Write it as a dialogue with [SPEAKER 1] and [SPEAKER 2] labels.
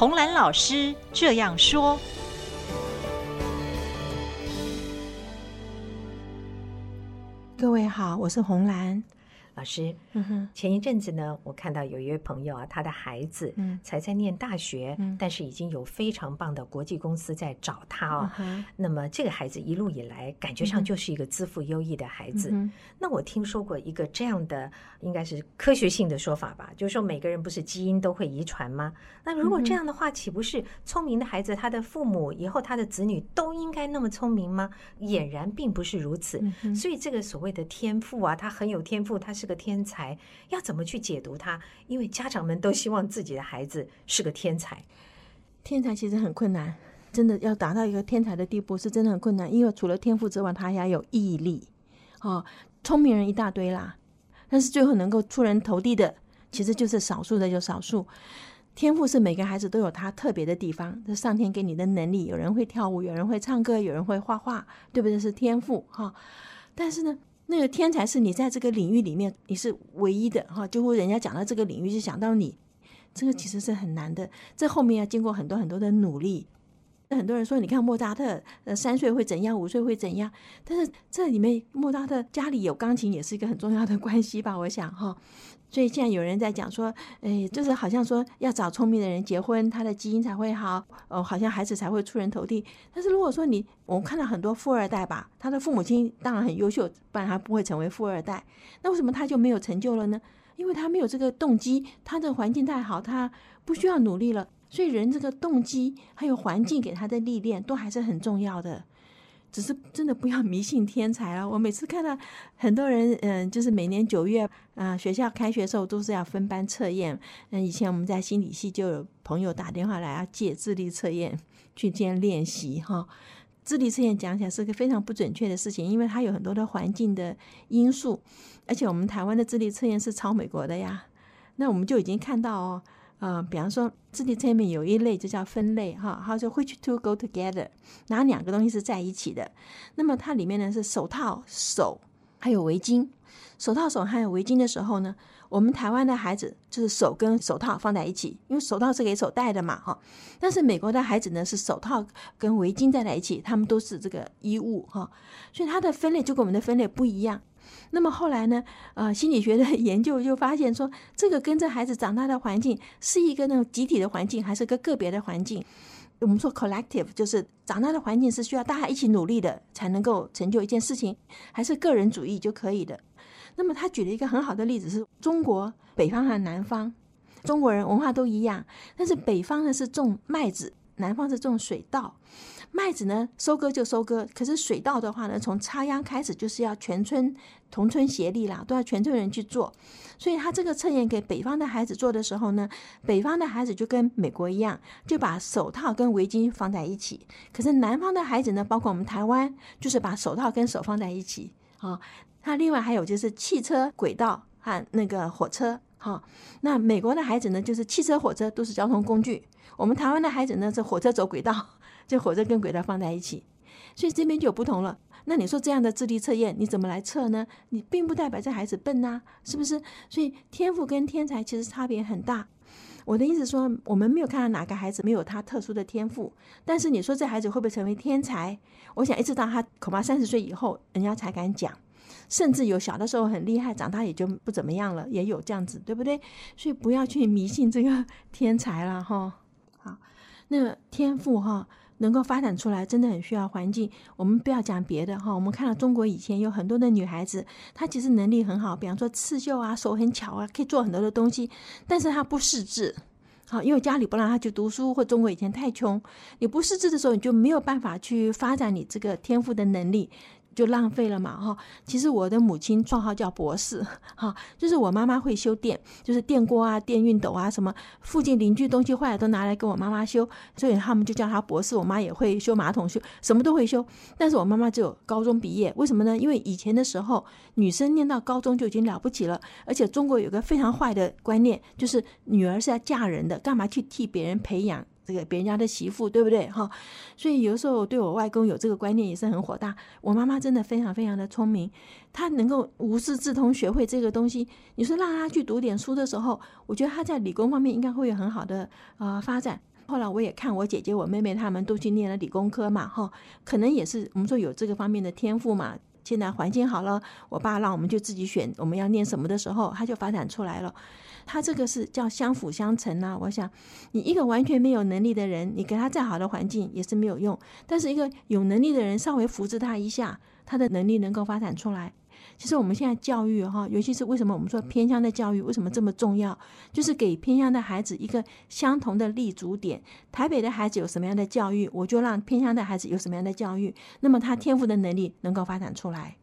[SPEAKER 1] 洪蘭老師這樣說：“各位好，我是洪蘭。”老師，
[SPEAKER 2] 前一陣子呢，我看到有一位朋友啊，他的孩子才在念大學，但是已經有非常棒的國際公司在找他哦。那麼這個孩子一路以來，感覺上就是一個資賦優異的孩子。那我聽說過一個這樣的，應該是科學性的說法吧，就是說每個人不是基因都會遺傳嗎？那如果這樣的話，豈不是聰明的孩子，他的父母以後他的子女都應該那麼聰明嗎？儼然並不是如此。所以這個所謂的天賦啊，他很有天賦，他是。是個天才，要怎麼去解讀它？因
[SPEAKER 1] 為家長們都希望自己的孩子是個天才。天才其實很困難，真的要達到一個天才的地步是真的很困難。因為除了天賦之外，他還要有毅力。哦，聰明人一大堆啦，但是最後能夠出人頭地的，其實就是少數的，就少數。天賦是每個孩子都有他特別的地方，就是上天給你的能力。有人會跳舞，有人會唱歌，有人會畫畫，對不對？是天賦哈、哦。但是呢，那個天才是你在這個領域裡面，你是唯一的哈，就會人家講到這個領域就想到你，這個其實是很難的，這後面要經過很多很多的努力。很多人說，你看莫扎特，呃，三歲會怎樣，五歲會怎樣？但是這裡面，莫扎特家裡有鋼琴，也是一個很重要的關係吧？我想哈、哦，所以現在有人在講說，誒、哎，就是好像說要找聰明的人結婚，他的基因才會好，哦、呃，好像孩子才會出人頭地。但是如果說你，我們看到很多富二代吧，他的父母親當然很優秀，不然他不會成為富二代。那為什麼他就沒有成就了呢？因為他沒有這個動機，他的環境太好，他不需要努力了。所以人這個動機，還有環境給他的歷練，都還是很重要的。只是真的不要迷信天才了、哦。我每次看到很多人，嗯，就是每年九月啊、呃，學校開學的時候都是要分班測驗。嗯，以前我們在心理系就有朋友打電話來要、啊、借智力測驗去先練習哈、哦。智力測驗講起來是個非常不準確的事情，因為它有很多的環境的因素，而且我們台灣的智力測驗是抄美國的呀。那我們就已經看到哦。啊、呃，比方說，自己這裡面有一類就叫分類哈，好，就 which two go together，哪兩個東西是在一起的？那麼它裡面呢是手套手還有圍巾，手套手還有圍巾的時候呢，我們臺灣的孩子就是手跟手套放在一起，因為手套是給手戴的嘛哈。但是美國的孩子呢是手套跟圍巾在在一起，他們都是這個衣物哈，所以它的分類就跟我們的分類不一樣。那麼後來呢？呃，心理學的研究就發現說，這個跟着孩子長大的環境是一個那種集體的環境，還是個個別的環境？我們說 collective，就是長大的環境是需要大家一起努力的，才能夠成就一件事情，還是個人主義就可以的？那麼他舉了一個很好的例子，是中國北方和南方，中國人文化都一樣，但是北方呢是種麥子。南方是種水稻，麥子呢，收割就收割。可是水稻的話呢，從插秧開始就是要全村同村協力啦，都要全村人去做。所以他這個測驗給北方的孩子做的時候呢，北方的孩子就跟美國一樣，就把手套跟圍巾放在一起。可是南方的孩子呢，包括我們台灣，就是把手套跟手放在一起啊、哦。他另外還有就是汽車軌道和那個火車。好，那美國的孩子呢，就是汽車、火車都是交通工具。我們台灣的孩子呢，是火車走軌道，就火車跟軌道放在一起，所以這邊就有不同了。那你說這樣的智力測驗，你怎麼來測呢？你並不代表這孩子笨吶、啊，是不是？所以天賦跟天才其實差別很大。我的意思說，我們沒有看到哪個孩子沒有他特殊的天賦，但是你說這孩子會不會成為天才？我想，一直到他恐怕三十歲以後，人家才敢講。甚至有小的時候很厲害，長大也就不怎麼樣了，也有這樣子，對不對？所以不要去迷信這個天才了，哈。好，那個天賦哈能夠發展出來，真的很需要環境。我們不要講別的哈，我們看到中國以前有很多的女孩子，她其實能力很好，比方說刺繡啊，手很巧啊，可以做很多的東西，但是她不識字。好，因為家裡不讓她去讀書，或者中國以前太窮，你不識字的時候，你就沒有辦法去發展你這個天賦的能力。就浪費了嘛，哈，其實我的母親綽號叫博士，哈，就是我媽媽會修電，就是電鍋啊、電熨斗啊，什麼附近鄰居東西壞了都拿來給我媽媽修，所以他們就叫她博士。我媽也會修馬桶，修什麼都會修，但是我媽媽只有高中畢業，為什麼呢？因為以前的時候，女生念到高中就已經了不起了，而且中國有個非常壞的觀念，就是女兒是要嫁人的，幹嘛去替別人培養？這個別人家的媳婦，對不對哈？所以有時候對我外公有這個觀念也是很火大。我媽媽真的非常非常的聰明，她能夠無師自通學會這個東西。你說讓她去讀點書的時候，我覺得她在理工方面應該會有很好的啊發展。後來我也看我姐姐、我妹妹她們都去念了理工科嘛，哈，可能也是我們說有這個方面的天賦嘛。現在環境好了，我爸讓我們就自己選我們要念什麼的時候，他就發展出來了。他這個是叫相輔相成啊。我想，你一個完全沒有能力的人，你給他再好的環境也是沒有用。但是一個有能力的人，稍微扶持他一下，他的能力能夠發展出來。其實我們現在教育，哈，尤其是為什麼，我們說偏鄉的教育為什麼這麼重要？就是給偏鄉的孩子一個相同的立足點。台北的孩子有什麼樣的教育，我就讓偏鄉的孩子有什麼樣的教育，那麼他天賦的能力能夠發展出來。